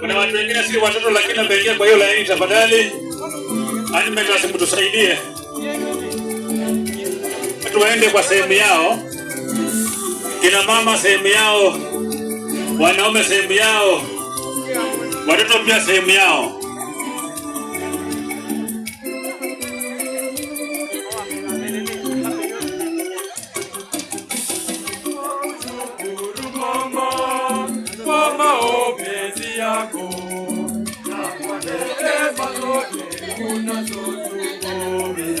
Kuna watu wengine si watoto, lakini wameingia kwa hiyo laini. Tafadhali animators, mtusaidie watu waende kwa sehemu yao, kina mama sehemu yao, wanaume sehemu yao, watoto pia sehemu yao. kuna tutukubi